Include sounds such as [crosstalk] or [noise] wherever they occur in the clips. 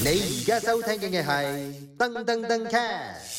你而家收聽嘅係噔噔噔 cast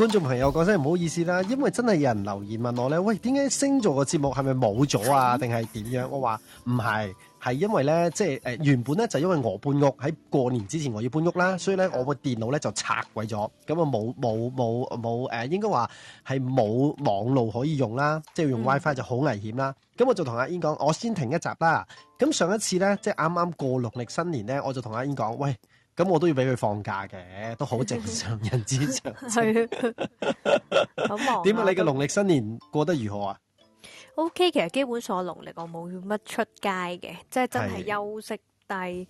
觀眾朋友講聲唔好意思啦，因為真係有人留言問我咧，喂，點解星座個節目係咪冇咗啊？定係點樣？我話唔係，係因為咧，即係誒、呃、原本咧就因為我搬屋，喺過年之前我要搬屋啦，所以咧我個電腦咧就拆毀咗，咁啊冇冇冇冇誒，應該話係冇網路可以用啦，即係用 WiFi 就好危險啦。咁、嗯、我就同阿 In 講，我先停一集啦。咁上一次咧，即係啱啱過農曆新年咧，我就同阿 In 講，喂。咁我都要俾佢放假嘅，都好正常人之常，係，好忙。點解你嘅農曆新年過得如何啊？OK，其實基本上我農曆我冇乜出街嘅，即係真係休息低，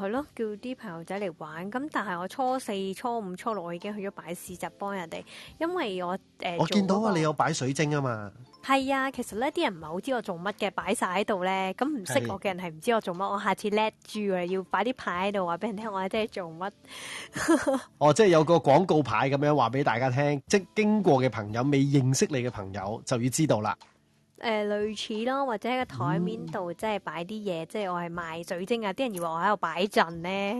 係咯，叫啲朋友仔嚟玩。咁但係我初四、初五、初六我已經去咗擺市集幫人哋，因為我誒、呃、我見到啊，那個、你有擺水晶啊嘛。係啊，其實咧，啲人唔係好知我做乜嘅，擺晒喺度咧。咁唔識我嘅人係唔知我做乜。是我下次叻住啊，要擺啲牌喺度話俾人聽，我係真係做乜。哦，即係有個廣告牌咁樣話俾大家聽，即係經過嘅朋友、未認識你嘅朋友就要知道啦。誒、呃、類似咯，或者喺個台面度，嗯、即係擺啲嘢，即係我係賣水晶啊！啲人以為我喺度擺陣咧，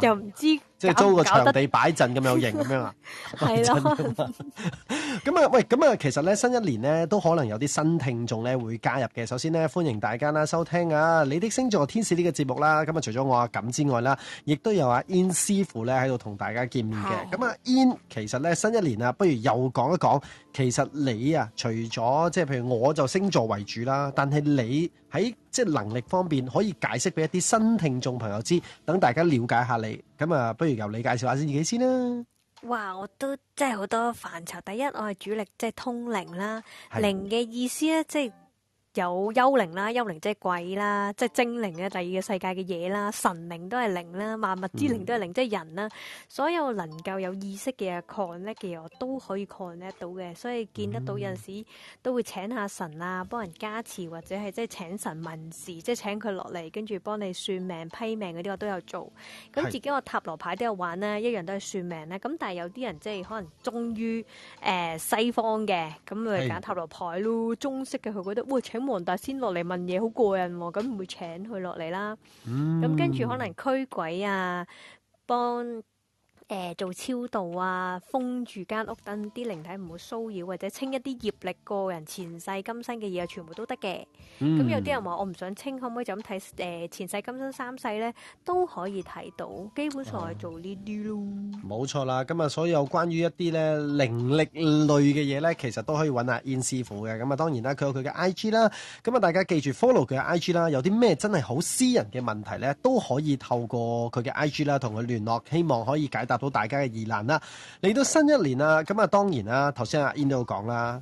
又唔知即係租個場地擺陣咁有型咁樣啊？係咯 [laughs] 的，咁啊、 [laughs] [laughs] 嗯，喂，咁啊，其實咧，新一年咧都可能有啲新聽眾咧會加入嘅。首先咧，歡迎大家啦，收聽啊，你的星座天使呢、呢個節目啦。咁、嗯、啊，除咗我啊錦之外啦，亦都有阿 In 師傅咧喺度同大家見面嘅。咁啊 In 其實咧，新一年啊，不如又講一講。其實你啊，除咗即係譬如我就星座為主啦，但係你喺即係能力方面可以解釋俾一啲新聽眾朋友知，等大家了解下你。咁啊，不如由你介紹下先，自己先啦。哇！我都即係好多範疇。第一，我係主力即係、就是、通靈啦，靈嘅意思咧即係，就是有幽靈啦，幽靈即係鬼啦，即係精靈嘅第二個世界嘅嘢啦，神靈都係靈啦，萬物之靈都係靈，嗯、即係人啦，所有能夠有意識嘅 control 嘅嘢，我都可以 control 到嘅，所以見得到有陣時都會請下神啊，幫人加持或者係即係請神問事，即係請佢落嚟跟住幫你算命批命嗰啲，我都有做。咁自己個塔羅牌都有玩啦，一樣都係算命啦。咁但係有啲人即係可能忠於誒、呃、西方嘅，咁咪揀塔羅牌咯。中式嘅佢覺得，喂請。咁黃大仙落嚟問嘢好過癮喎，咁唔會請佢落嚟啦。咁跟住可能驅鬼啊，幫。誒，做超度啊，封住間屋，等啲靈體唔好騷擾，或者清一啲業力、個人前世今生嘅嘢，全部都得嘅。咁、嗯、有啲人話我唔想清，可唔可以就咁睇？誒、呃，前世今生、三世咧，都可以睇到。基本上係做呢啲咯。冇錯、嗯、啦，咁啊，所有關於一啲咧靈力類嘅嘢咧，其實都可以揾下燕師傅嘅。咁啊，當然啦，佢有佢嘅 I G 啦。咁啊，大家記住 follow 佢嘅 I G 啦。有啲咩真係好私人嘅問題咧，都可以透過佢嘅 I G 啦，同佢聯絡，希望可以解答到大家嘅疑難啦，嚟到新一年啦，咁啊當然啦，頭先阿 In 都有講啦，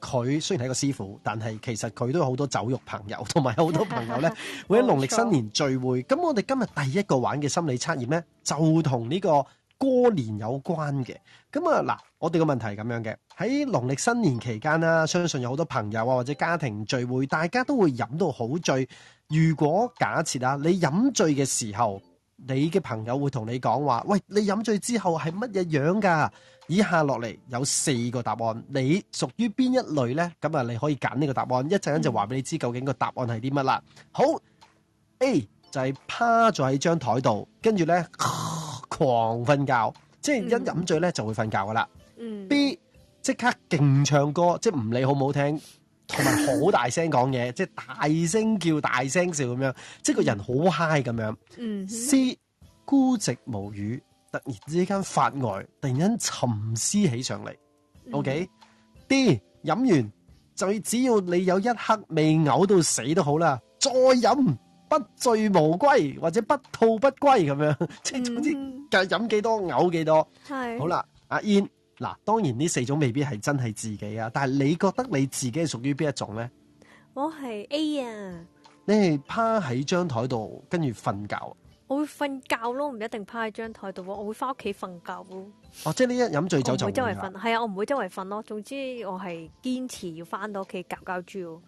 佢雖然係個師傅，但係其實佢都有好多酒肉朋友，同埋好多朋友呢。 [laughs] 錯會喺農曆新年聚會。咁我哋今日第一個玩嘅心理測驗呢，就同呢個過年有關嘅。咁啊嗱，我哋個問題係咁樣嘅，喺農曆新年期間啦，相信有好多朋友啊或者家庭聚會，大家都會飲到好醉。如果假設啊，你飲醉嘅時候，你嘅朋友會同你講話，喂，你飲醉之後係乜嘢樣噶？以下落嚟有四個答案，你屬於邊一類呢？咁啊，你可以揀呢個答案，一陣間就話俾你知究竟個答案係啲乜啦。好 A 就係趴咗喺張台度，跟住呢、呃、狂瞓覺，即係一飲醉呢就會瞓覺噶啦。嗯、B 即刻勁唱歌，即係唔理好唔好聽。同埋好大聲講嘢， [laughs] 即係大聲叫、大聲笑咁樣，即係個人好 high 咁樣。Mm hmm. C 孤寂無語，突然之間發呆，突然間沉思起上嚟。O K，D 飲完就只要你有一刻未嘔到死都好啦，再飲不醉無歸或者不吐不歸咁樣， [laughs] 即係總之，就係飲幾多嘔幾多。係、mm hmm. 好啦，阿 In、mm。Hmm. In, 嗱，當然呢四種未必係真係自己啊，但係你覺得你自己係屬於邊一種咧？我係 A 啊！你係趴喺張台度跟住瞓覺？我會瞓覺咯，唔一定趴喺張台度，我會翻屋企瞓覺咯。哦，即係呢一飲醉酒就會周圍瞓？係啊，我唔會周圍瞓咯。總之我係堅持要翻到屋企覺覺豬。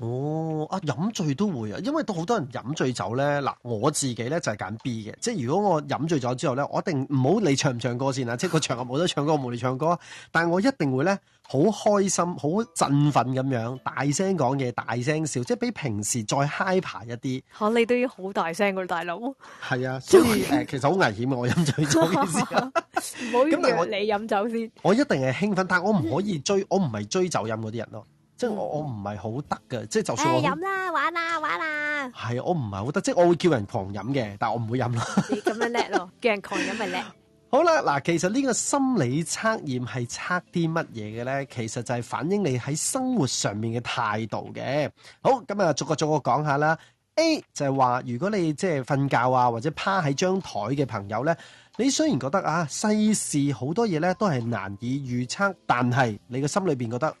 哦，啊，飲醉都會啊，因為都好多人飲醉酒咧。嗱，我自己咧就係揀 B 嘅，即係如果我飲醉咗之後咧，我一定唔好理你唱唔唱歌先啊， [laughs] 即係個場合冇得唱歌，我冇你唱歌。但係我一定會咧好開心、好振奮咁樣，大聲講嘢、大聲笑，即係比平時再 hyper 一啲。吓，你都要好大聲嘅大佬。係啊，所以誒， [laughs] 其實好危險啊。我飲醉酒嘅時候。唔好約你飲酒先我。我一定係興奮，但係我唔可以追，我唔係追酒飲嗰啲人咯。 [laughs] 我我唔係好得嘅，即、就、係、是、就算我飲、哎、啦，玩啦，玩啦。係我唔係好得，即、就、係、是、我會叫人狂飲嘅，但係我唔會飲啦。 [laughs] 你咁樣叻咯，叫人狂飲咪叻。好啦，嗱，其實呢個心理測驗係測啲乜嘢嘅咧？其實就係反映你喺生活上面嘅態度嘅。好，咁啊，逐個逐個講下啦。A 就係話，如果你即係瞓覺啊，或者趴喺張台嘅朋友咧，你雖然覺得啊，世事好多嘢咧都係難以預測，但係你嘅心裏邊覺得。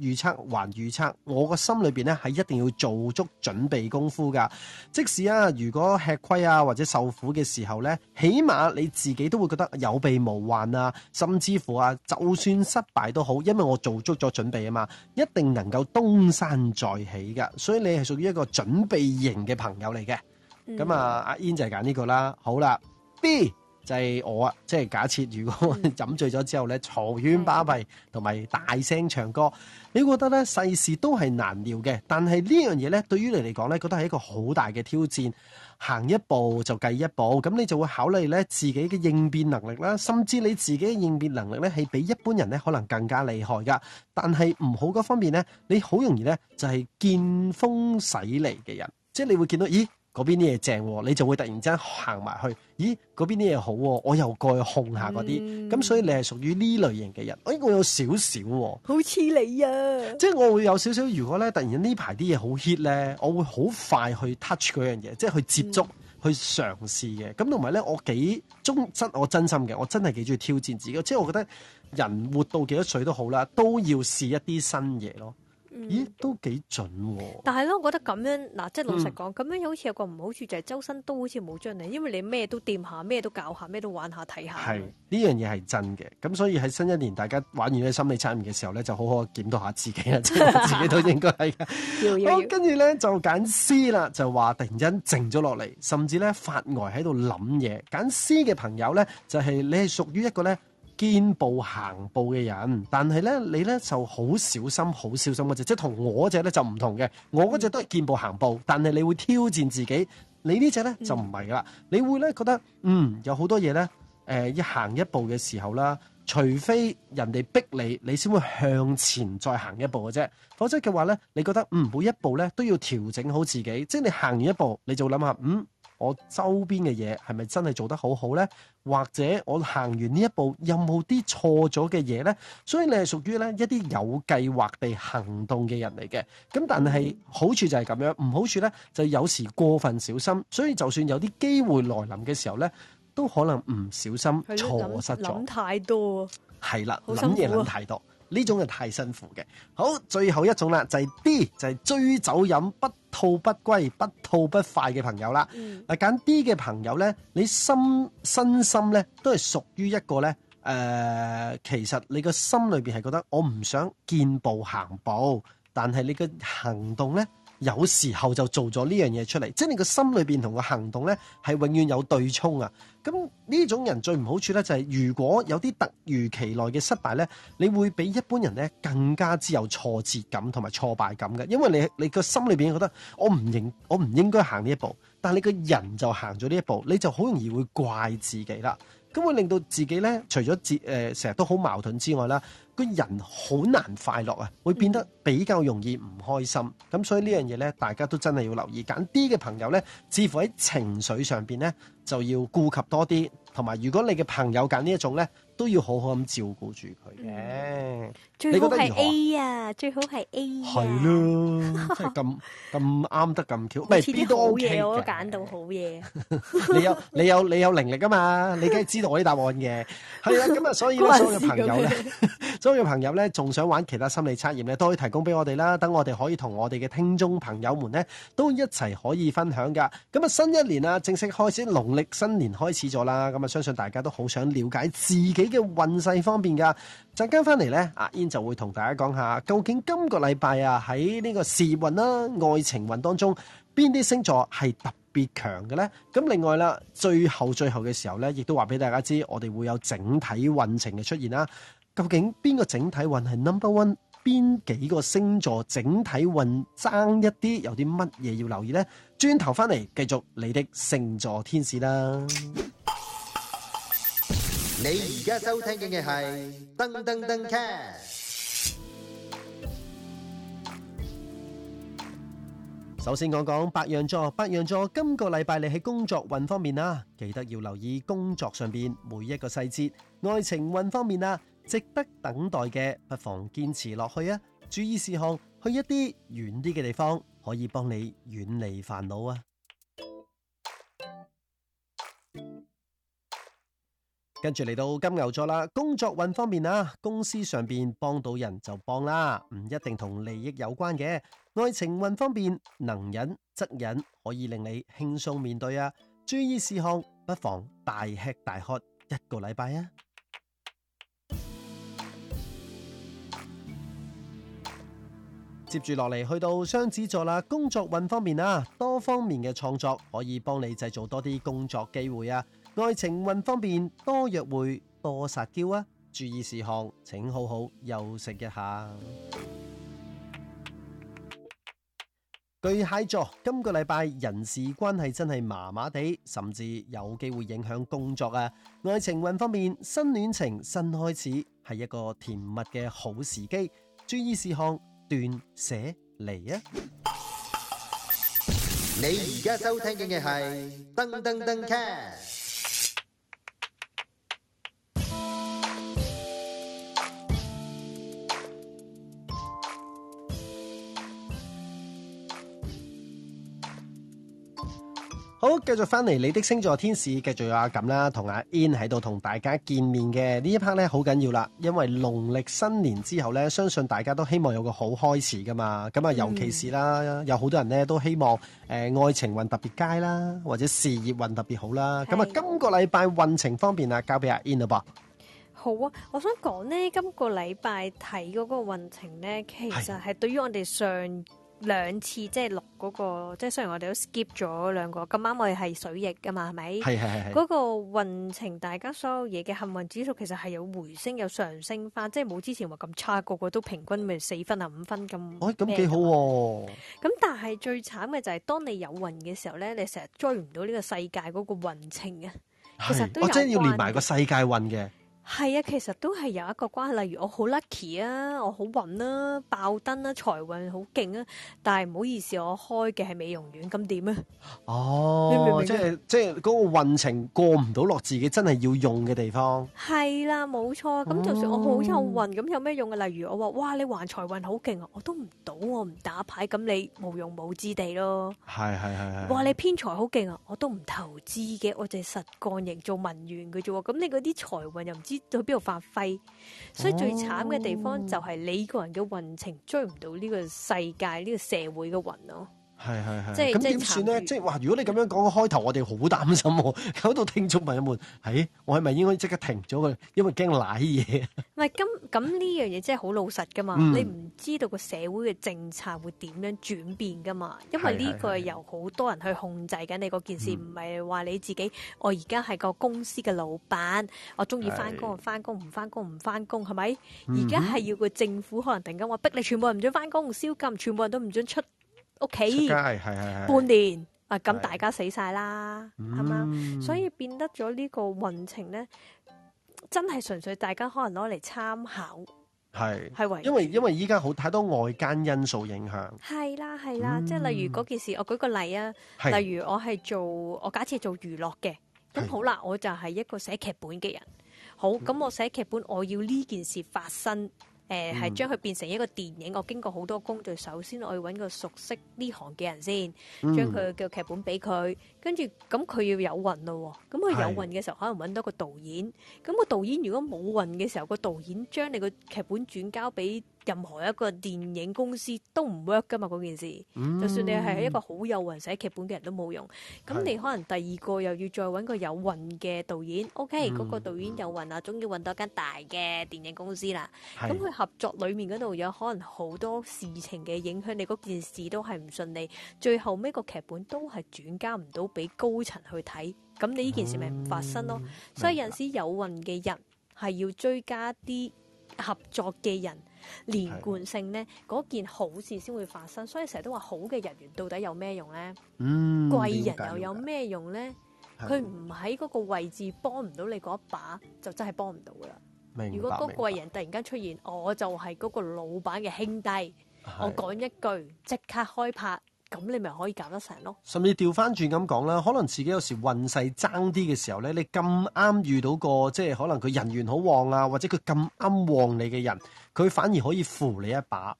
預測還預測，我個心裏邊咧係一定要做足準備功夫噶。即使啊，如果吃虧啊或者受苦嘅時候咧，起碼你自己都會覺得有備無患啊，甚至乎啊，就算失敗都好，因為我做足咗準備啊嘛，一定能夠東山再起噶。所以你係屬於一個準備型嘅朋友嚟嘅。咁、嗯、啊，阿 In 就係揀呢個啦。好啦，B。就係我啊！即係假設如果飲醉咗之後咧，嘈喧巴閉，同埋大聲唱歌，你覺得咧世事都係難料嘅。但係呢樣嘢咧，對於你嚟講咧，覺得係一個好大嘅挑戰。行一步就計一步，咁你就會考慮咧自己嘅應變能力啦，甚至你自己嘅應變能力咧係比一般人咧可能更加厲害㗎。但係唔好嗰方面咧，你好容易咧就係見風使嚟嘅人，即係你會見到，咦？嗰邊啲嘢正喎，你就會突然間行埋去，咦？嗰邊啲嘢好喎，我又過去控下嗰啲。咁、嗯、所以你係屬於呢類型嘅人。哎，我有少少喎，好似你啊，即係我會有少少。如果咧突然間呢排啲嘢好 hit 咧，我會好快去 touch 嗰樣嘢，即係去接觸、嗯、去嘗試嘅。咁同埋咧，我幾忠真，我真心嘅，我真係幾中意挑戰自己。即係我覺得人活到幾多歲都好啦，都要試一啲新嘢咯。咦，都幾準喎！但係咧，我覺得咁樣嗱，即係老實講，咁，嗯，樣好似有個唔好處，就係周身都好似冇張力，因為你咩都掂下，咩都搞下，咩都玩下睇下。係呢樣嘢係真嘅，咁所以喺新一年大家玩完啲心理測驗嘅時候咧，就好好檢討下自己啦， [laughs] 自己都應該係。 [laughs] 要好，跟住咧就揀 C 啦，就話突然間靜咗落嚟，甚至咧發呆喺度諗嘢。揀 C 嘅朋友咧，就係你係屬於一個咧，見步行步嘅人，但係咧你咧就好小心，好小心嗰隻，即係同我嗰隻咧就唔同嘅。我嗰隻都係見步行步，但係你會挑戰自己。你隻呢隻咧就唔係啦，你會咧覺得嗯有好多嘢咧，誒、呃、一行一步嘅時候啦，除非人哋逼你，你先會向前再行一步嘅啫，否則嘅話咧，你覺得嗯每一步咧都要調整好自己，即係你行完一步，你就諗下嗯。我周邊嘅嘢係咪真係做得好好呢？或者我行完呢一步有冇啲錯咗嘅嘢呢？所以你係屬於呢一啲有計劃地行動嘅人嚟嘅。咁但係好處就係咁樣，唔好處呢就有時過分小心。所以就算有啲機會來臨嘅時候呢，都可能唔小心錯失咗。諗太多喎，係啦，諗嘢諗太多。呢種係太辛苦嘅。好，最後一種啦，就係 D，就係追酒飲，不吐不歸，不吐不快嘅朋友啦。嗱，揀 D 嘅朋友呢，你心身心呢都係屬於一個呢。誒、呃，其實你個心裏邊係覺得我唔想見步行步，但係你嘅行動呢。有時候就做咗呢樣嘢出嚟，即係你個心裏邊同個行動呢係永遠有對沖啊！咁呢種人最唔好處呢、就係，就係如果有啲突如其來嘅失敗呢，你會比一般人呢更加之有挫折感同埋挫敗感嘅，因為你你個心裏邊覺得我唔認我唔應該行呢一步，但係你個人就行咗呢一步，你就好容易會怪自己啦。咁會令到自己咧，除咗自誒成日都好矛盾之外啦，個人好難快樂啊，會變得比較容易唔開心。咁所以呢樣嘢咧，大家都真係要留意，揀啲嘅朋友咧，似乎喺情緒上面咧，就要顧及多啲，同埋如果你嘅朋友揀呢一種咧，都要好好咁照顧住佢嘅。嗯.你覺得最好係 A 啊！最好係 A 啊！係咯、啊，即係咁咁啱得咁巧，唔係 B 都 O K 嘅，揀到好嘢 [laughs] [laughs] 你有你有你有靈力噶嘛？你梗係知道我啲答案嘅。係啊，咁啊，所以咧，所有嘅朋友咧， [laughs] 所有嘅朋友咧，仲想玩其他心理測驗咧，都可以提供俾我哋啦。等我哋可以同我哋嘅聽眾朋友們咧，都一齊可以分享噶。咁啊，新一年啊，正式開始，農曆新年開始咗啦。咁啊，相信大家都好想了解自己嘅運勢方面噶。陣間翻嚟咧，阿 In 就會同大家講下，究竟今個禮拜啊，喺呢個事業運啦、愛情運當中，邊啲星座係特別強嘅咧？咁另外啦，最後最後嘅時候咧，亦都話俾大家知，我哋會有整體運程嘅出現啦。究竟邊個整體運係 number one？邊幾個星座整體運爭一啲？有啲乜嘢要留意呢？轉頭翻嚟繼續你的星座天使啦。你而家收聽嘅係燈登登 cast。首先講講白羊座，白羊座今個禮拜你喺工作運方面啊，記得要留意工作上邊每一個細節。愛情運方面啊，值得等待嘅，不妨堅持落去啊。注意事項，去一啲遠啲嘅地方，可以幫你遠離煩惱啊。跟住嚟到金牛座啦，工作運方面啊，公司上邊幫到人就幫啦，唔一定同利益有關嘅。愛情運方面，能忍則忍，可以令你輕鬆面對啊。注意事項，不妨大吃大喝一個禮拜啊。接住落嚟去到雙子座啦，工作運方面啊，多方面嘅創作可以幫你製造多啲工作機會啊。愛情運方面，多約會，多撒嬌啊！注意事項，請好好休息一下。巨蟹座今個禮拜人事關係真係麻麻地，甚至有機會影響工作啊！愛情運方面，新戀情新開始，係一個甜蜜嘅好時機。注意事項，斷捨離啊！你而家收聽嘅係《登登登 c a 好，繼續翻嚟你的星座天使，繼續有阿錦啦，同阿 In 喺度同大家見面嘅呢一 part 咧，好緊要啦，因為農曆新年之後咧，相信大家都希望有個好開始噶嘛，咁啊，尤其是啦，嗯、有好多人咧都希望誒、呃、愛情運特別佳啦，或者事業運特別好啦，咁啊的，今個禮拜運程方面啊，交俾阿 In 啦噃。好啊，我想講咧，今個禮拜睇嗰個運程咧，其實係對於我哋上。兩次即係錄嗰個，即係雖然我哋都 skip 咗兩個，咁啱我哋係水逆嘅嘛，係咪？係係係係。嗰個運程，大家所有嘢嘅幸運指數其實係有回升，有上升翻，即係冇之前話咁差，個個都平均咪四分，分、哦哎、啊五分咁。咁幾好喎！咁但係最慘嘅就係當你有運嘅時候咧，你成日追唔到呢個世界嗰個運程嘅，其實都要關係。我真係要連埋個世界運嘅。係啊，其實都係有一個關係。例如我好 lucky 啊，我好運啊，爆燈啊，財運好勁啊。但係唔好意思，我開嘅係美容院，咁點啊？哦，你明唔明？即係即係嗰個運程過唔到落自己真係要用嘅地方。係啦，冇錯。咁就算我好、嗯、有運，咁有咩用啊？例如我話，哇，你還財運好勁啊，我都唔賭，我唔打牌，咁你無用武之地咯。係係係係。哇，你偏財好勁啊，我都唔投資嘅，我淨係實幹型做文員嘅啫。咁你嗰啲財運又唔知，喺邊度發揮？所以最慘嘅地方就係你個人嘅運程追唔到呢個世界呢個社會嘅運咯。係係係，是是是即係咁點算咧？即係是哇越！如果你咁樣講開頭，我哋好擔心喎，搞到聽眾朋友們，係我係咪應該即刻停咗佢？因為驚瀨嘢。唔係咁，咁呢樣嘢，真係好老實噶嘛？嗯、你唔知道個社會嘅政策會點樣轉變噶嘛？因為呢個由好多人去控制緊你個件事，唔係話你自己。嗯、我而家係個公司嘅老闆，我鍾意返工，返工唔返工唔返工，係咪？而家係要個政府可能突然間話逼你全部人唔准返工，宵禁，全部人都唔准，准出。屋企，okay，半年，的啊，咁大家死晒啦，啱唔啱？嗯、所以變得咗呢個運程咧，真係純粹大家可能攞嚟參考，係係為因為因為依家好太多外間因素影響，係啦係啦，即係例如嗰件事，我舉個例啊，嗯、例如我係做我假設做娛樂嘅，咁的好啦，我就係一個寫劇本嘅人，好，咁我寫劇本我要呢件事發生。誒係、嗯、將佢變成一個電影，我經過好多工序，首先我要揾個熟悉呢行嘅人先，將佢嘅劇本俾佢，跟住咁佢要有運咯、哦，咁佢有運嘅時候，的可能揾到個導演，咁個導演如果冇運嘅時候，個導演將你個劇本轉交俾。任何一個電影公司都唔 work 噶嘛。嗰件事，嗯、就算你係一個好有運寫劇本嘅人都冇用。咁你可能第二個又要再揾個有運嘅導演。O.K. 嗰、嗯、個導演有運啊，嗯、終於揾到間大嘅電影公司啦。咁佢、嗯、合作裡面嗰度有可能好多事情嘅影響，你嗰件事都係唔順利。最後尾個劇本都係轉交唔到俾高層去睇，咁你呢件事咪唔發生咯？嗯、所以有陣時有運嘅人係要追加啲合作嘅人。連貫性呢，嗰件好事先會發生，所以成日都話好嘅人緣到底有咩用呢？嗯，貴人又有咩用呢？佢唔喺嗰個位置幫唔到你嗰一把，就真係幫唔到噶啦。白如果嗰貴人突然間出現，白我就係嗰個老闆嘅兄弟，白我講一句即刻開拍。咁你咪可以搞得成咯。甚至調翻轉咁講啦，可能自己有時運勢爭啲嘅時候咧，你咁啱遇到個，即係可能佢人緣好旺啊，或者佢咁啱旺你嘅人，佢反而可以扶你一把。誒、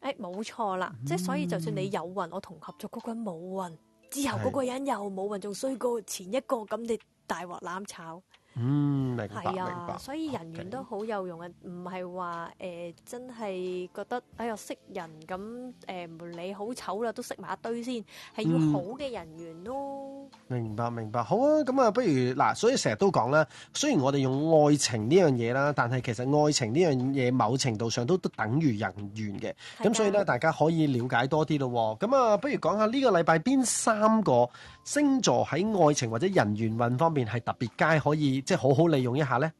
欸，冇錯啦，嗯、即係所以就算你有運，我同合作嗰個人冇運，之後嗰個人又冇運，仲衰過前一個咁。你大鑊攬炒。嗯，明白，明白。所以人緣都好有用嘅，唔係話誒真係覺得哎呀識人咁誒，唔理好醜啦，都識埋一堆先，係要好嘅人緣咯。明白明白，好啊，咁啊，不如嗱，所以成日都講啦，雖然我哋用愛情呢樣嘢啦，但係其實愛情呢樣嘢某程度上都都等於人緣嘅，咁的所以咧大家可以了解多啲咯，哦。咁啊，不如講下呢個禮拜邊三個星座喺愛情或者人緣運方面係特別佳可以。即係好好利用一下咧。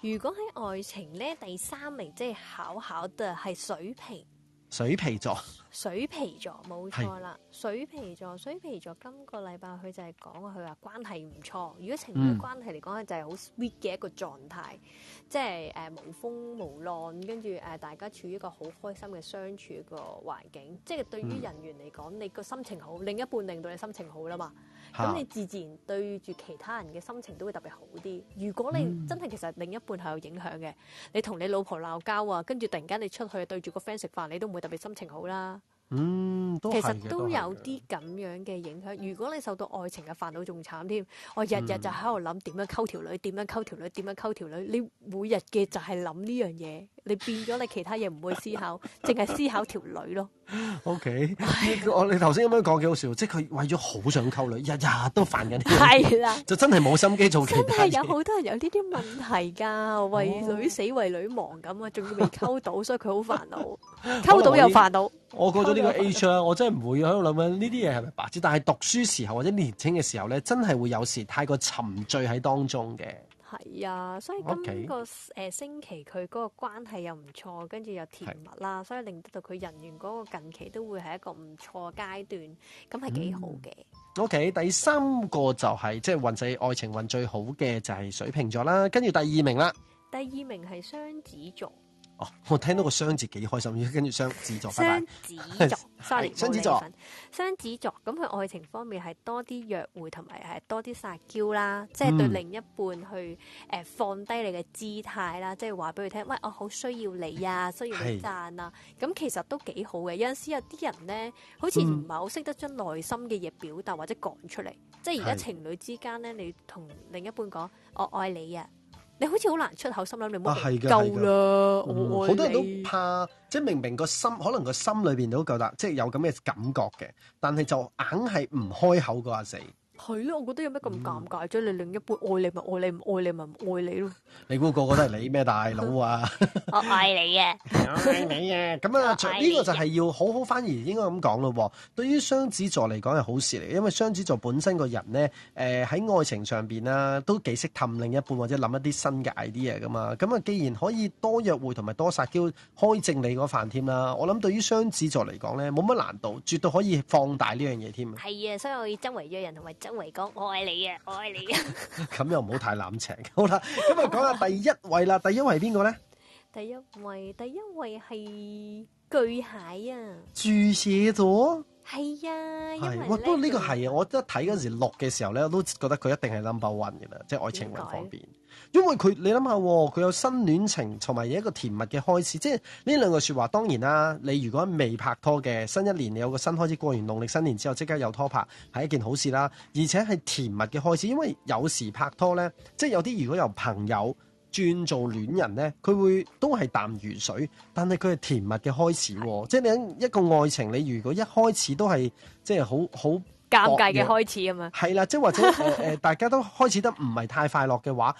如果喺愛情咧第三名，即係考考嘅係水瓶。水瓶座，座，是座。水瓶座冇錯啦。水瓶座，水瓶座今個禮拜佢就係講佢話關係唔錯。如果情侶關係嚟講，嗯、就係好 sweet 嘅一個狀態。即係誒、呃、無風無浪，跟住誒大家處於一個好開心嘅相處個環境。即係對於人緣嚟講，你個心情好，嗯、另一半令到你心情好啦嘛。咁你自然對住其他人嘅心情都會特別好啲。如果你、嗯、真係其實另一半係有影響嘅，你同你老婆鬧交啊，跟住突然間你出去對住個 friend 食飯，你都唔會特別心情好啦。嗯，都係。其實都有啲咁樣嘅影響。如果你受到愛情嘅煩惱，仲慘添。我日日就喺度諗點樣溝條女，點樣溝條女，點樣溝條女。你每日嘅就係諗呢樣嘢。你變咗，你其他嘢唔會思考，淨係思考條女咯。O Okay . K，呀我你頭先咁樣講幾好笑，即係佢為咗好想溝女，日日都煩緊，係啦，就真係冇心機做其他嘢。真係有好多人有呢啲問題噶，唉為女死為女亡咁啊，仲要未溝到， [laughs] 所以佢好煩惱，溝到又煩惱。我過咗呢個 age 啦我真係唔會喺度諗緊呢啲嘢係咪白痴，但係讀書時候或者年輕嘅時候咧，真係會有時太過沉醉喺當中嘅。係啊，所以今個誒星期佢嗰個關係又唔錯，跟住又甜蜜啦，是所以令到佢人緣嗰個近期都會係一個唔錯嘅階段，咁係幾好嘅。嗯，OK，第三個就係即係運勢愛情運最好嘅就係水瓶座啦，跟住第二名啦。第二名係雙子座。哦，我聽到個雙字幾開心，跟住雙子座，拜拜。雙子座，sorry，雙子座，雙子座咁佢愛情方面係多啲約會同埋係多啲撒嬌啦，即係對另一半去誒放低你嘅姿態啦，即係話俾佢聽，喂，我好需要你啊，需要你讚啊，咁其實都幾好嘅。有陣時有啲人咧，好似唔係好識得將內心嘅嘢表達或者講出嚟，即係而家情侶之間咧，你同另一半講，我愛你啊！你好似好難出口心，心諗你冇夠啦，好多人都怕，即係明明個心，可能個心裏邊都覺得，即係有咁嘅感覺嘅，但係就硬係唔開口個阿四。係咯， [noise] 我覺得有咩咁尷尬？將、嗯、你另一半愛你咪愛，愛，愛，愛你，唔愛你咪唔愛你咯。你估個個都係你咩 [laughs] 大佬啊？ [laughs] 我愛你啊！愛你啊！咁啊，呢個就係要好好翻譯應該咁講咯。對於雙子座嚟講係好事嚟，因為雙子座本身個人呢，誒、呃、喺愛情上邊啦，都幾識氹另一半或者諗一啲新界啲嘢噶嘛。咁啊，既然可以多約會同埋多撒嬌，開正你個飯添啦。我諗對於雙子座嚟講呢，冇乜難度，絕對可以放大呢樣嘢添。係啊，所以我可以周圍約人同埋一位講我愛你啊，我愛你啊，咁又唔好太濫情好啦。咁啊講下第一位啦， [laughs] 第一位係邊個咧？第一位，第一位係巨蟹啊，巨蟹咗。係啊，係，不過呢個係啊，我一睇嗰時錄嘅時候咧，我都覺得佢一定係 number one 嘅啦，即係愛情運方面。該因為佢，你諗下，佢有新戀情，同埋有一個甜蜜嘅開始。即係呢兩個說話，當然啦，你如果未拍拖嘅，新一年你有個新開始，過完農曆新年之後，即刻有拖拍，係一件好事啦。而且係甜蜜嘅開始，因為有時拍拖咧，即係有啲如果由朋友。轉做戀人呢，佢會都係淡如水，但係佢係甜蜜嘅開始喎、啊。的即係你一個愛情，你如果一開始都係即係好好尷尬嘅開始吖嘛？係 [laughs] 啦，即係或者、呃、大家都開始得唔係太快樂嘅話，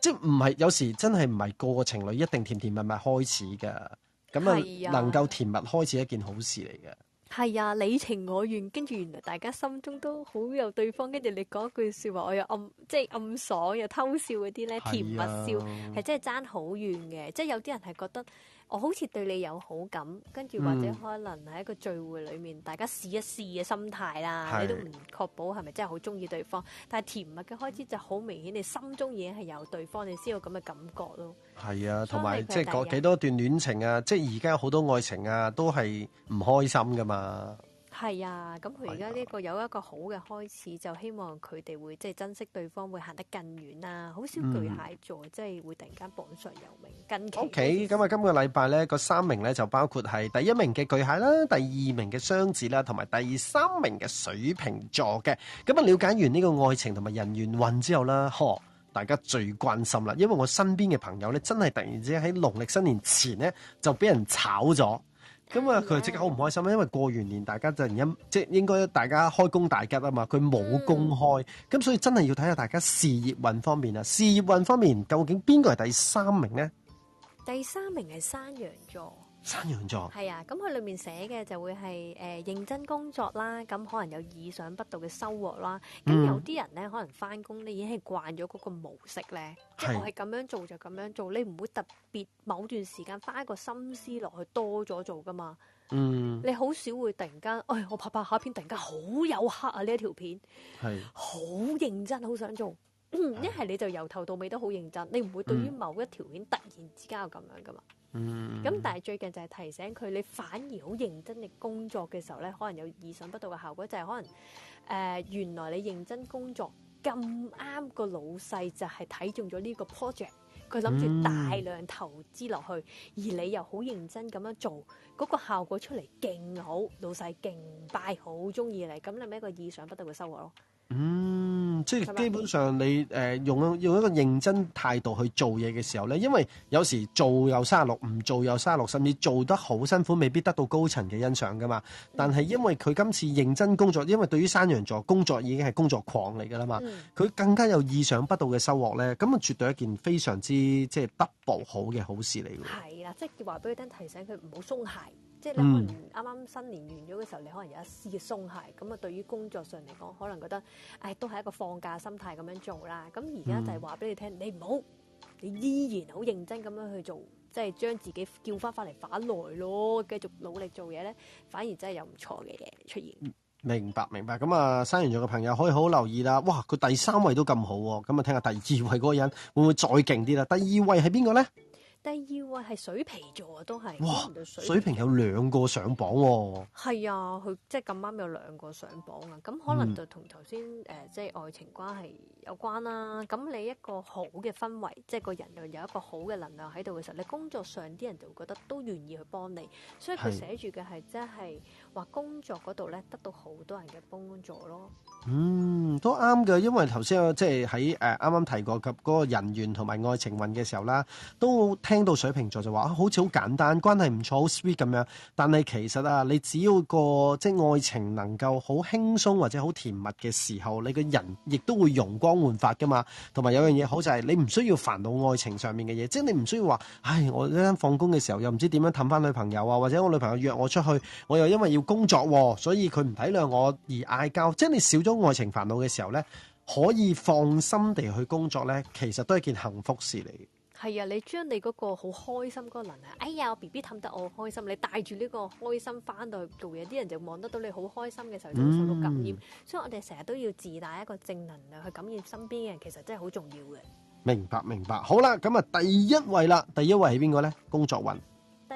即係唔係有時真係唔係個個情侶一定甜甜蜜蜜開始噶，咁啊能夠甜蜜開始一件好事嚟嘅。係啊，你情我願，跟住原來大家心中都好有對方，跟住你講一句說話，我又暗即係暗爽又偷笑嗰啲咧，甜蜜笑係是、啊、真係爭好遠嘅，即係有啲人係覺得。我好似對你有好感，跟住或者可能喺一個聚會裏面，大家試一試嘅心態啦，嗯、你都唔確保係咪真係好中意對方。但係甜蜜嘅開始就好明顯，你心中已經係有對方，你先有咁嘅感覺咯。係啊，同埋以有即係講幾多段戀情啊，即係而家好多愛情啊，都係唔開心噶嘛。係啊，咁佢而家呢個有一個好嘅開始，啊、就希望佢哋會即係、就是、珍惜對方，會行得更遠啦。好少巨蟹座、嗯、即係會突然間榜上有名跟旗。O K，咁啊，okay, 思今個禮拜呢個三名呢，就包括係第一名嘅巨蟹啦，第二名嘅雙子啦，同埋第三名嘅水瓶座嘅。咁啊，了解完呢個愛情同埋人緣運之後啦，呵，大家最關心啦，因為我身邊嘅朋友呢，真係突然之間喺農曆新年前呢，就俾人炒咗。咁啊，佢即刻好唔開心啦，因為過完年大家就陣間即係應該大家開工大吉啊嘛，佢冇工開，咁、嗯、所以真係要睇下大家事業運方面啊，事業運方面究竟邊個係第三名咧？第三名係山羊座。山羊座係啊，咁佢裏面寫嘅就會係誒、呃、認真工作啦，咁、嗯嗯、可能有意想不到嘅收穫啦。咁有啲人咧，可能返工你已經係慣咗嗰個模式咧，即係我係咁樣做就咁樣做，你唔會特別某段時間花一個心思落去多咗做㗎嘛。嗯，你好少會突然間，哎，我拍拍下片，突然間好有黑啊呢一條片，係好是認真，好想做。一、嗯、係是你就由頭到尾都好認真，你唔會對於某一條片突然之間咁樣㗎嘛。嗯嗯 [music] 咁，嗯嗯、但係最近就係提醒佢，你反而好認真，你工作嘅時候咧，可能有意想不到嘅效果，就係、是、可能誒、呃，原來你認真工作咁啱個老細就係睇中咗呢個 project，佢諗住大量投資落去，嗯、而你又好認真咁樣做，嗰、那個效果出嚟勁好，老細勁 buy，好中意你，咁你咪一個意想不到嘅收穫咯。嗯。即係基本上你誒、呃、用用一個認真態度去做嘢嘅時候咧，因為有時做又卅六，唔做又卅六，甚至做得好辛苦，未必得到高層嘅欣賞㗎嘛。但係因為佢今次認真工作，因為對於山羊座工作已經係工作狂嚟㗎喇嘛，佢、嗯、更加有意想不到嘅收穫咧。咁啊，絕對一件非常之即係 double 好嘅好事嚟。係啦，即係話俾你聽，提醒佢唔好鬆懈。即係你可能啱啱新年完咗嘅時候，你可能有一絲嘅鬆懈，咁啊對於工作上嚟講，可能覺得誒都係一個放假心態咁樣做啦。咁而家就係話俾你聽，你唔好，你依然好認真咁樣去做，即係將自己叫翻返嚟返來咯，繼續努力做嘢咧，反而真係有唔錯嘅嘢出現。明白明白，咁啊山羊座嘅朋友可以好留意啦。哇，佢第三位都咁好，咁啊聽下第二位嗰個人會唔會再勁啲啦？第二位係邊個咧？.第二位係水瓶座啊，都係。哇！水瓶有兩個上榜喎、哦。係啊，佢即係咁啱有兩個上榜啊，咁可能就同頭先誒，即係愛情關係有關啦。咁你一個好嘅氛圍，即係個人又有一個好嘅能量喺度嘅時候，你工作上啲人就會覺得都願意去幫你，所以佢寫住嘅係即係。話工作嗰度咧得到好多人嘅幫助咯，嗯，都啱嘅，因為頭先我即係喺誒啱啱提過及嗰個人緣同埋愛情運嘅時候啦，都聽到水瓶座就話好似好簡單，關係唔錯，好 sweet 咁樣。但係其實啊，你只要個即係愛情能夠好輕鬆或者好甜蜜嘅時候，你個人亦都會容光煥發噶嘛。同埋有樣嘢好就係你唔需要煩惱愛情上面嘅嘢，即係你唔需要話，唉，我一陣放工嘅時候又唔知點樣氹翻女朋友啊，或者我女朋友約我出去，我又因為要工作，所以佢唔體諒我而嗌交。即係你少咗愛情煩惱嘅時候咧，可以放心地去工作咧，其實都係件幸福事嚟。係啊，你將你嗰個好開心嗰個能量，哎呀，我 B B 氹得我開心，你帶住呢個開心翻到去做嘢，啲人就望得到你好開心嘅時候，就受到感染。所以我哋成日都要自帶一個正能量去感染身邊嘅人，其實真係好重要嘅。明白明白，好啦，咁啊，第一位啦，第一位係邊個咧？工作運。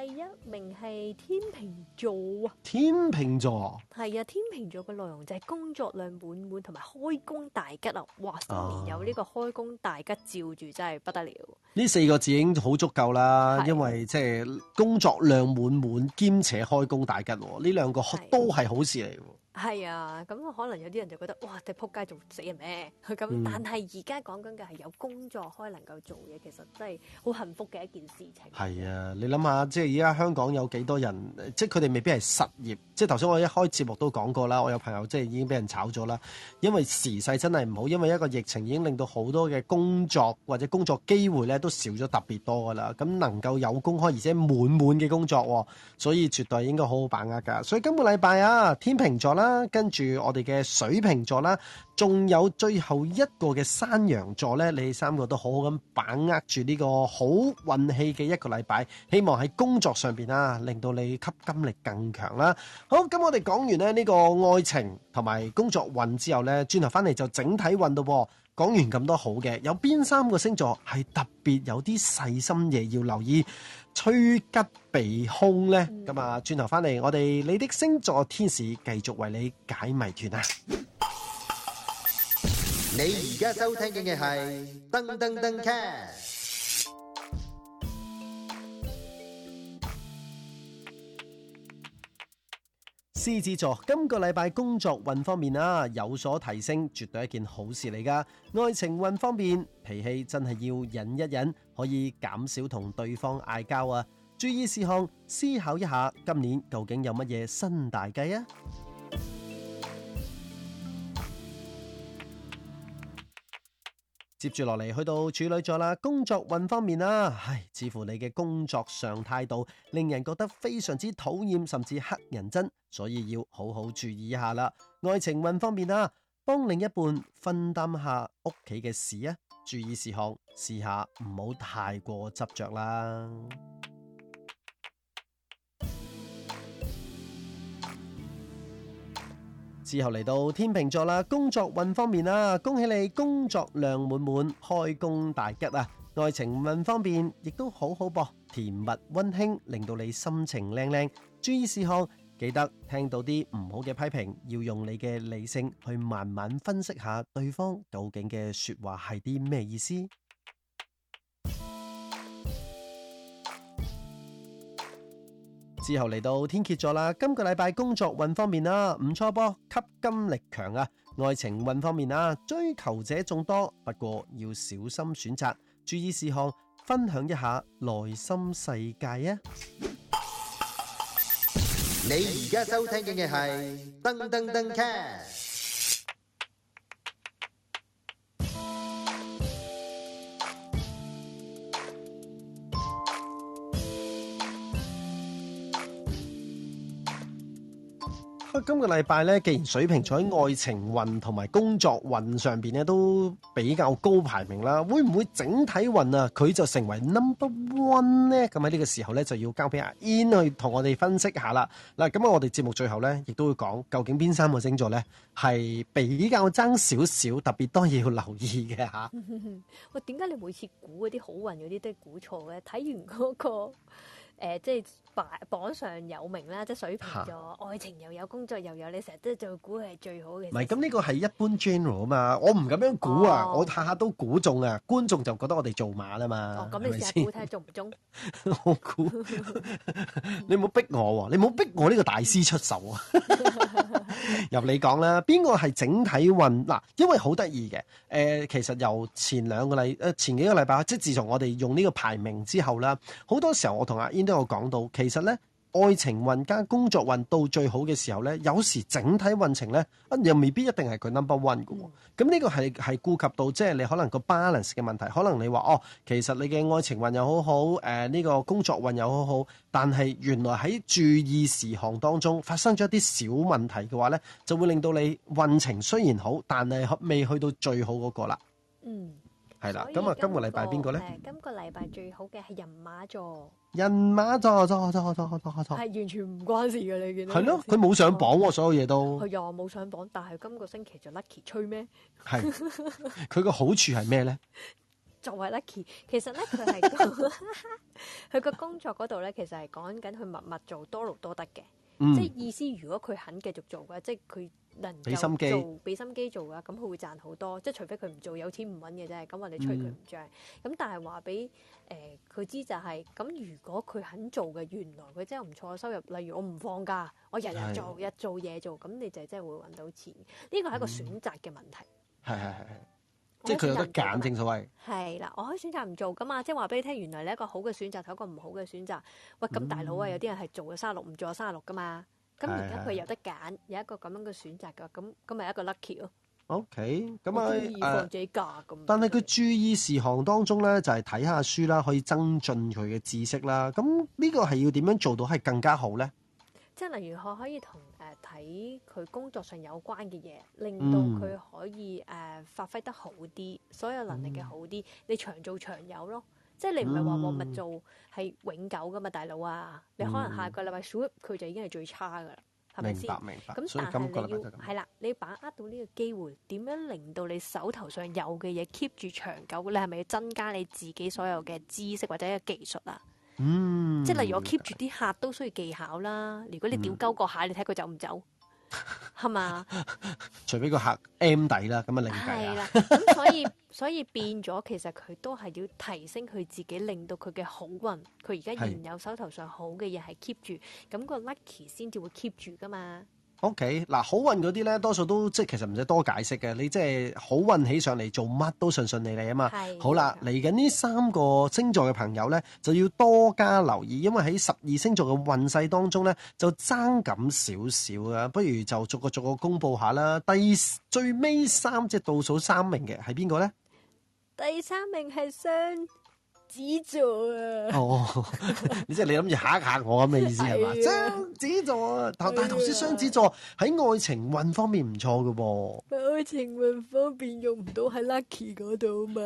第一名係天秤座啊！天秤座係啊！天秤座嘅內容就係工作量滿滿，同埋開工大吉啊！哇，新年有呢個開工大吉照住，啊、真係不得了。呢四個字已經好足夠啦，的因為即係工作量滿滿，兼且開工大吉，呢兩個都係好事嚟。係啊，咁可能有啲人就覺得哇，你仆街做死人咩？佢咁、嗯，但係而家講緊嘅係有工作可以能夠做嘢，其實真係好幸福嘅一件事情。係啊，你諗下，即係而家香港有幾多人？即係佢哋未必係失業。即係頭先我一開節目都講過啦，我有朋友即係已經俾人炒咗啦，因為時勢真係唔好，因為一個疫情已經令到好多嘅工作或者工作機會咧都少咗特別多噶啦。咁能夠有工開，而且滿滿嘅工作，所以絕對應該好好把握噶。所以今個禮拜啊，天秤座啦～跟住我哋嘅水瓶座啦，仲有最後一個嘅山羊座呢。你哋三個都好好咁把握住呢個好運氣嘅一個禮拜，希望喺工作上邊啊，令到你吸金力更強啦。好，咁我哋講完呢呢個愛情同埋工作運之後呢，轉頭翻嚟就整體運到。講完咁多好嘅，有邊三個星座係特別有啲細心嘢要留意？吹吉避凶呢，咁啊，轉頭翻嚟，我哋你的星座天使繼續為你解謎團啊！你而家收聽緊嘅係噔噔噔 c 獅子座今個禮拜工作運方面啊，有所提升，絕對係一件好事嚟噶。愛情運方面，脾氣真係要忍一忍，可以減少同對方嗌交啊。注意事項，思考一下今年究竟有乜嘢新大計啊。接住落嚟，去到處女座啦，工作運方面啦、啊，唉，似乎你嘅工作上態度令人覺得非常之討厭，甚至黑人憎，所以要好好注意一下啦。愛情運方面啊，幫另一半分擔下屋企嘅事啊，注意事項，試下唔好太過執着啦。之後嚟到天秤座啦，工作運方面啦、啊，恭喜你工作量滿滿，開工大吉啊！愛情運方面亦都好好、啊、噃，甜蜜溫馨，令到你心情靚靚。注意事項，記得聽到啲唔好嘅批評，要用你嘅理性去慢慢分析下對方究竟嘅說話係啲咩意思。之後嚟到天蠍座啦，今個禮拜工作運方面啦、啊，唔錯噃，吸金力強啊，愛情運方面啊，追求者眾多，不過要小心選擇。注意事項，分享一下內心世界啊！你而家收聽嘅係登登登 c 今個禮拜咧，既然水瓶座喺愛情運同埋工作運上邊咧，都比較高排名啦，會唔會整體運啊？佢就成為 number one 咧？咁喺呢個時候咧，就要交俾阿 In 去同我哋分析下啦。嗱，咁啊，我哋節目最後咧，亦都會講究竟邊三個星座咧係比較爭少少，特別多嘢要留意嘅吓。喂，點解你每次估嗰啲好運嗰啲都係估錯嘅？睇完嗰個。誒、呃、即係榜上有名啦，即係水平咗，啊、愛情又有，工作又有，你成日都做估係最好嘅。唔係咁呢個係一般 general 啊嘛，我唔咁樣估啊，哦、我下下都估中啊，觀眾就覺得我哋做馬啦嘛，哦、你試下估，睇下中唔中？我估、啊，你唔好逼我，你唔好逼我呢個大師出手啊！由 [laughs] 你講啦，邊個係整體運嗱、啊？因為好得意嘅，誒、呃、其實由前兩個禮誒前幾個禮拜，即係自從我哋用呢個排名之後啦，好多時候我同阿都有講到，其實呢，愛情運加工作運到最好嘅時候呢，有時整體運程呢，又未必一定係佢 number one 嘅喎。咁、嗯、呢、嗯這個係係顧及到即係、就是、你可能個 balance 嘅問題，可能你話哦，其實你嘅愛情運又好好，誒、呃、呢、這個工作運又好好，但係原來喺注意事項當中發生咗一啲小問題嘅話呢，就會令到你運程雖然好，但係未去到最好嗰個啦。嗯。係啦，咁啊，今個禮拜邊個咧？今個禮拜最好嘅係人馬座，人馬座，錯係完全唔關事嘅你。係咯，佢冇上榜，所有嘢都。佢又冇上榜，但係今個星期就 lucky 吹咩？係，佢個好處係咩咧？作為 lucky，其實咧佢係佢個工作嗰度咧，其實係講緊佢默默做多勞多得嘅，嗯、即係意思如果佢肯繼續做嘅，即係佢。俾心機，俾心機做啊！咁佢力會賺好多，即係除非佢唔做，有錢唔揾嘅啫。咁話你吹佢唔漲，咁、嗯、但係話俾誒佢知就係、是，咁如果佢肯做嘅，原來佢真係唔錯嘅收入。例如我唔放假，我日是日做日做嘢做，咁你就真係會揾到錢。呢個係一個選擇嘅問題。係係係，即係佢有得揀，正所謂。係啦，我可以選擇唔做噶嘛。即係話俾你聽，原來你一個好嘅選擇同一個唔好嘅選，選擇。喂，咁大佬啊，有啲人係做咗卅六，唔做咗卅六噶嘛。咁而家佢有得揀，的有一個咁樣嘅選擇嘅，咁咁咪一個 lucky 咯。O K，咁啊，放自己呃、但係佢注意事項當中咧，就係、是、睇下書啦，可以增進佢嘅知識啦。咁呢個係要點樣做到係更加好咧？即係例如可可以同誒睇佢工作上有關嘅嘢，令到佢可以誒、嗯呃、發揮得好啲，所有能力嘅好啲，嗯、你長做長有咯。即係你唔係話我唔做係、嗯、永久㗎嘛，大佬啊！你可能下個禮拜佢、嗯、就已經係最差㗎喇，係咪先？明白明白。咁、嗯、以但係你要係啦，你要把握到呢個機會，點樣令到你手頭上有嘅嘢 keep 住長久？你係咪要增加你自己所有嘅知識或者嘅技術啊？嗯、即係例如我 keep 住啲客白都需要技巧啦。如果你屌鳩個客，嗯、你睇佢走唔走？係嘛？除非個客 M 底啦，咁啊令計啦。咁所以所以變咗，其實佢都係要提升佢自己，令到佢嘅好運。佢而家現有手頭上好嘅嘢係 keep 住，咁個 lucky 先至會 keep 住噶嘛。O K，嗱，好運嗰啲咧，多數都即係其實唔使多解釋嘅。你即係好運起上嚟，做乜都順順利利啊嘛。的好啦了，嚟緊呢三個星座嘅朋友咧，就要多加留意，因為喺十二星座嘅運勢當中咧，就爭咁少少呀。不如就逐個逐個公布下啦。第最尾三隻倒數三名嘅係邊個咧？呢第三名係雙子座啊！哦， [laughs] 即你即係你諗住嚇一嚇我咁嘅意思係嘛？雙子座，啊，頭大頭小雙子座喺愛情運方面唔錯噶噃。愛情運方面用唔到喺 lucky 嗰度嘛？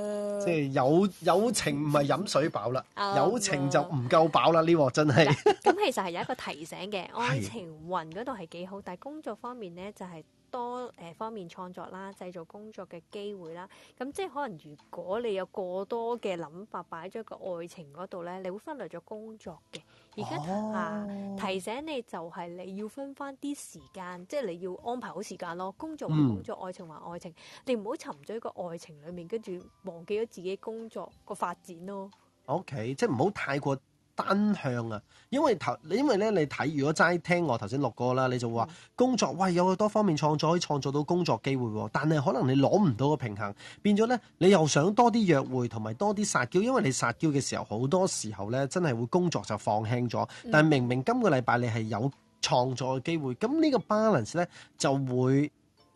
即係友友情唔係飲水飽啦，友情，飽 [laughs] 友情就唔夠飽啦，呢鑊真係。咁 [laughs] 其實係有一個提醒嘅，愛情運嗰度係幾好，的但係工作方面咧就係、是。多誒方面創作啦，製造工作嘅機會啦。咁即係可能，如果你有過多嘅諗法擺咗喺個愛情嗰度咧，你會忽略咗工作嘅。而家、oh. 啊，提醒你就係你要分翻啲時間，即係你要安排好時間咯。工作唔好做愛情，還愛情，mm. 你唔好沉醉喺個愛情裡面，跟住忘記咗自己工作個發展咯。OK，即係唔好太過。單向啊，因為頭，因為咧，你睇如果齋聽我頭先錄過啦，你就話工作，喂，有好多方面創作可以創造到工作機會，啊，但係可能你攞唔到個平衡，變咗呢，你又想多啲約會同埋多啲撒嬌，因為你撒嬌嘅時候好多時候呢，真係會工作就放輕咗，但係明明今個禮拜你係有創作嘅機會，咁呢個 balance 呢就會，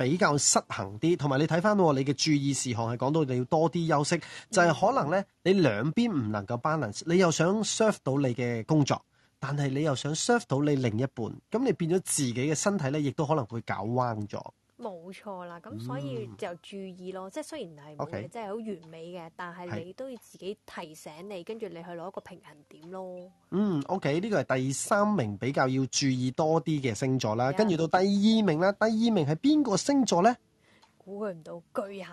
比較失衡啲，同埋你睇翻喎，你嘅注意事項係講到你要多啲休息，就係可能咧，你兩邊唔能夠 balance，你又想 serve 到你嘅工作，但係你又想 serve 到你另一半，咁你變咗自己嘅身體咧，亦都可能會搞彎咗。冇錯啦，咁所以就注意咯。即係雖然係冇嘢，Okay. 即係好完美嘅，但係你都要自己提醒你，跟住是你去攞一個平衡點咯。嗯，OK，呢個係第三名比較要注意多啲嘅星座啦。跟住的到第二名啦，第二名係邊個星座咧？估佢唔到巨蟹，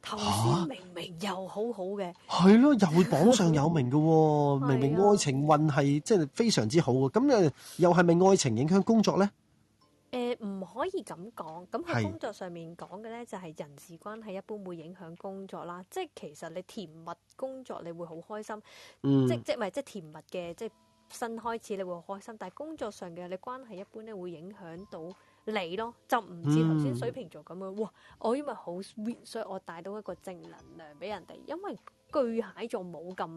頭先明明又好好嘅。係咯、啊，又榜上有名嘅喎、哦， [laughs] 的明明愛情運係即係非常之好嘅。咁誒，又係咪愛情影響工作咧？誒唔、呃、可以咁講，咁喺工作上面講嘅呢，就係、是、人事關係一般會影響工作啦。即係其實你甜蜜工作，你會好開心，嗯、即即唔係即甜蜜嘅即新開始，你會開心。但係工作上嘅你關係一般咧，會影響到你咯。就唔似頭先水瓶座咁樣，哇！我因為好 sweet，所以我帶到一個正能量俾人哋。因為巨蟹座冇咁。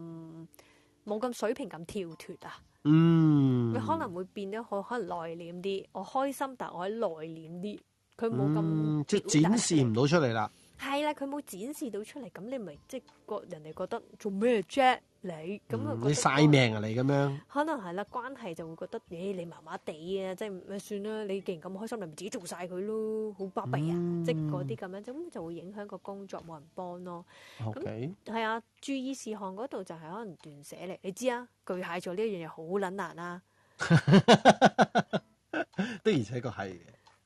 冇咁水平咁跳脫啊，佢、嗯、可能會變咗，我可能內斂啲。我開心，但係我喺內斂啲，佢冇咁即係展示唔到出嚟啦。係啦，佢冇展示到出嚟，咁你咪即係覺人哋覺得做咩啫？你咁啊，你嘥命啊你咁樣，可能係啦，關係就會覺得，誒、欸，你麻麻地啊，即係咪算啦？你既然咁開心，你咪自己做晒佢咯，好巴閉啊，即係嗰啲咁樣，咁就會影響個工作，冇人幫咯。咁係 Okay. 啊，注意事項嗰度就係可能斷捨離，你知啊？巨蟹座呢一樣嘢好撚難啊， [laughs] [laughs] 的而且確係。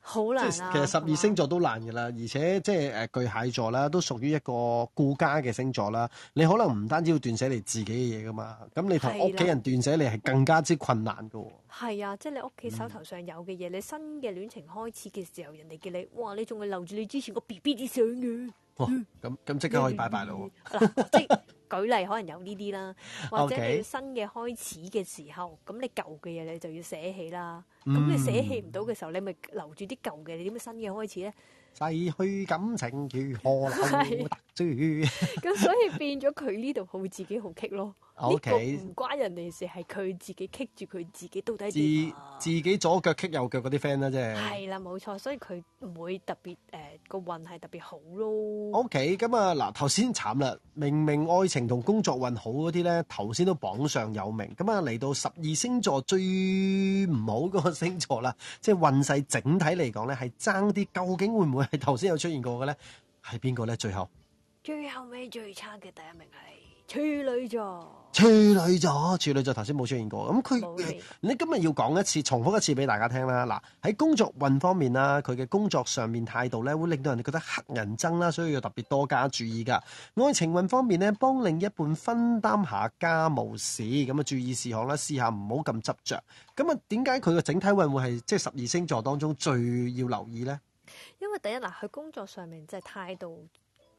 好難、啊、其實十二星座都難嘅啦，吧而且即係誒巨蟹座啦，都屬於一個顧家嘅星座啦。你可能唔單止要斷捨離自己嘅嘢噶嘛，咁你同屋企人斷捨離係更加之困難嘅。係啊，啊，即係你屋企手頭上有嘅嘢，嗯、你新嘅戀情開始嘅時候，人哋叫你，哇！你仲係留住你之前個 B B 啲相嘅，咁咁即刻可以拜拜咯。舉例可能有呢啲啦，或者你新嘅開始嘅時候，咁 Okay. 你舊嘅嘢你就要捨棄啦。咁、嗯、你捨棄唔到嘅時候，你咪留住啲舊嘅，你點樣新嘅開始咧？逝去感情如何留得住？咁 [laughs] 是 [laughs] [laughs] 所以變咗佢呢度好自己好棘咯。呢 Okay. 個唔關人哋事，係佢自己棘住佢自己到底點？自自己左腳棘右腳嗰啲 friend 啦，即係、啊。係啦，冇錯，所以佢唔會特別誒個運係特別好咯。O K，咁啊嗱，頭先慘啦，明明愛情同工作運好嗰啲咧，頭先都榜上有名，咁啊嚟到十二星座最唔好嗰個星座啦，即係運勢整體嚟講咧，係爭啲究竟會唔會係頭先有出現過嘅咧？係邊個咧？最後，最後尾最差嘅第一名係。處女座，處女座，處女座頭先冇出現過，咁佢你今日要講一次，重複一次俾大家聽啦。嗱，喺工作運方面啦，佢嘅工作上面態度咧，會令到人哋覺得黑人憎啦，所以要特別多加注意噶。愛情運方面咧，幫另一半分擔下家務事，咁啊注意事項啦，試下唔好咁執着。咁啊，點解佢個整體運會係即係十二星座當中最要留意咧？因為第一嗱，佢工作上面即係態度。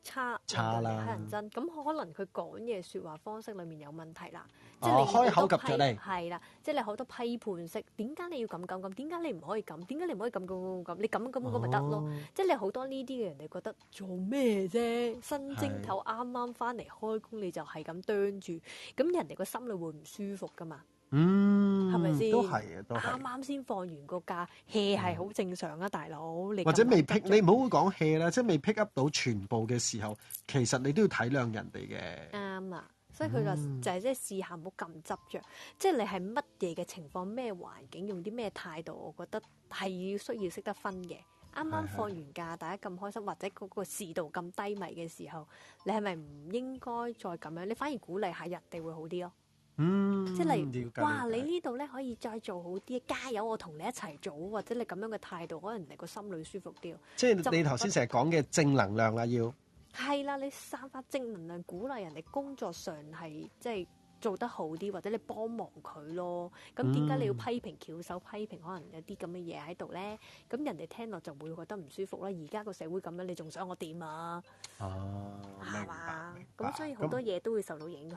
差啦，睇人憎。咁了可能佢講嘢、説話方式裡面有問題啦、啊。即係你開口及住你係啦，即係你好多批判式。點解你要咁咁咁？點解你唔可以咁？點解你唔可以咁咁咁咁？你咁咁咁咪得咯？哦、即係你好多呢啲嘅人哋覺得做咩啫？新正頭啱啱翻嚟開工，你就係咁啄住，咁的人哋個心裏會唔舒服噶嘛？嗯，係咪都係嘅、啊，都係啱啱先放完個假，hea 係好正常啊，大佬。你或者未 pick，up，你唔好講 hea 啦，即係未 pick up 到全部嘅時候，其實你都要體諒人哋嘅。啱啊、嗯，嗯、所以佢就就係即係試下唔好咁執着。即係你係乜嘢嘅情況、咩環境、用啲咩態度，我覺得係要需要識得分嘅。啱啱放完假，大家咁開心，或者嗰個市道咁低迷嘅時候，你係咪唔應該再咁樣？你反而鼓勵下人哋會好啲咯。嗯，即係例如，哇！你呢度咧可以再做好啲，加油！我同你一齊做，或者你咁樣嘅態度，可能人哋個心裏舒服啲。即係你頭先成日講嘅正能量啦，要。係啦，你散發正能量，鼓勵人哋工作上係即係做得好啲，或者你幫忙佢咯。咁點解你要批評、翹、嗯、手批評？可能有啲咁嘅嘢喺度咧。咁人哋聽落就會覺得唔舒服啦。而家個社會咁樣，你仲想我點啊？哦，明白。係嘛？咁所以好多嘢都會受到影響。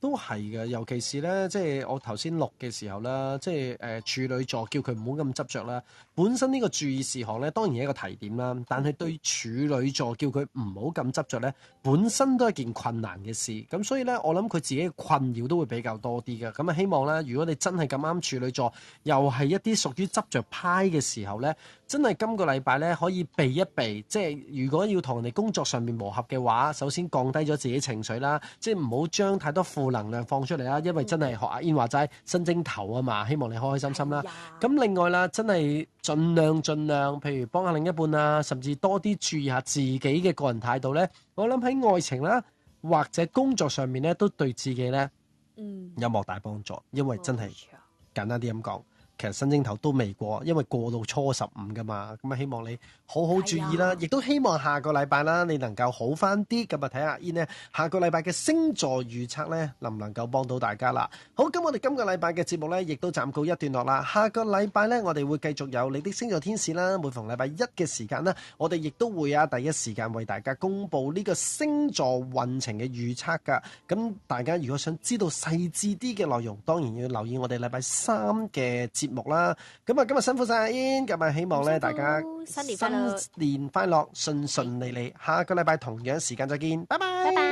都係嘅，尤其是咧，即係我頭先錄嘅時候啦，即係誒、呃、處女座叫佢唔好咁執着啦。本身呢個注意事項呢，當然係一個提點啦。但係對處女座叫佢唔好咁執着呢，本身都係件困難嘅事。咁所以呢，我諗佢自己嘅困擾都會比較多啲嘅。咁啊，希望呢，如果你真係咁啱處女座，又係一啲屬於執着派嘅時候呢，真係今個禮拜呢可以避一避。即係如果要同人哋工作上面磨合嘅話，首先降低咗自己情緒啦，即係唔好將太多負能量放出嚟啦。因為真係學、嗯、阿煙話齋新正頭啊嘛，希望你開開心心啦。咁、哎、呀另外啦，真係。盡量盡量，譬如幫下另一半啊，甚至多啲注意下自己嘅個人態度咧。我諗喺愛情啦，或者工作上面咧，都對自己咧，嗯，有莫大幫助。因為真係，oh, yeah. 簡單啲咁講。其實新正頭都未過，因為過到初十五噶嘛，咁啊希望你好好注意啦，亦呀都希望下個禮拜啦，你能夠好翻啲，咁啊睇下阿 In 呢，下個禮拜嘅星座預測呢，能唔能夠幫到大家啦？好，咁我哋今個禮拜嘅節目呢，亦都暫告一段落啦。下個禮拜呢，我哋會繼續有你的星座天使啦。每逢禮拜一嘅時間呢，我哋亦都會啊第一時間為大家公布呢個星座運程嘅預測噶。咁大家如果想知道細緻啲嘅內容，當然要留意我哋禮拜三嘅節目。目啦，咁啊，今日辛苦曬阿 In，今日希望咧大家新年快樂，新年快樂，順順利利，下個禮拜同樣時間再見，拜拜，拜拜。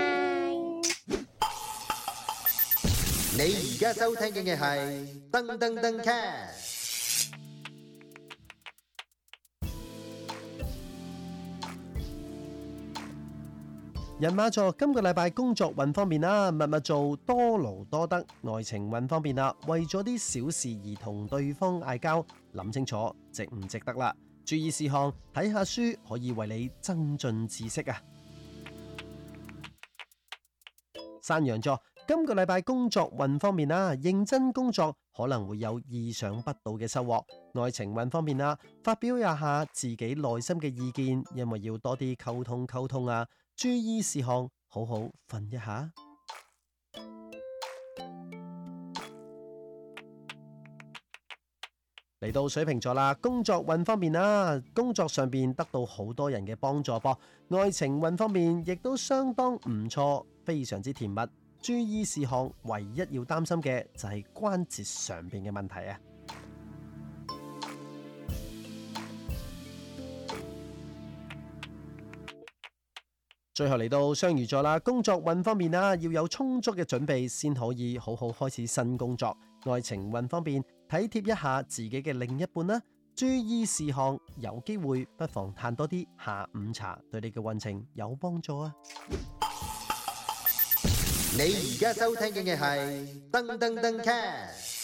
你而家收聽緊嘅係噔噔噔 cat。人馬座今個禮拜工作運方面，啦，默默做多勞多得，愛情運方面，啦。為咗啲小事而同對方嗌交，諗清楚值唔值得啦。注意事項，睇下書可以為你增進知識啊。山羊座今個禮拜工作運方面，啦，認真工作可能會有意想不到嘅收穫，愛情運方面，啦。發表一下自己內心嘅意見，因為要多啲溝通溝通啊。注意事項，好好瞓一下。嚟到水瓶座啦，工作運方面啦，工作上面得到好多人嘅幫助，噃。愛情運方面亦都相當唔錯，非常之甜蜜。注意事項，唯一要擔心嘅就係關節上面嘅問題啊。最後嚟到雙魚座啦，工作運方面呀，要有充足嘅準備先可以好好開始新工作。愛情運方面，體貼一下自己嘅另一半啦。注意事項，有機會不妨嘆多啲下午茶，對你嘅運程有幫助啊！你而家收聽嘅係登登登 cast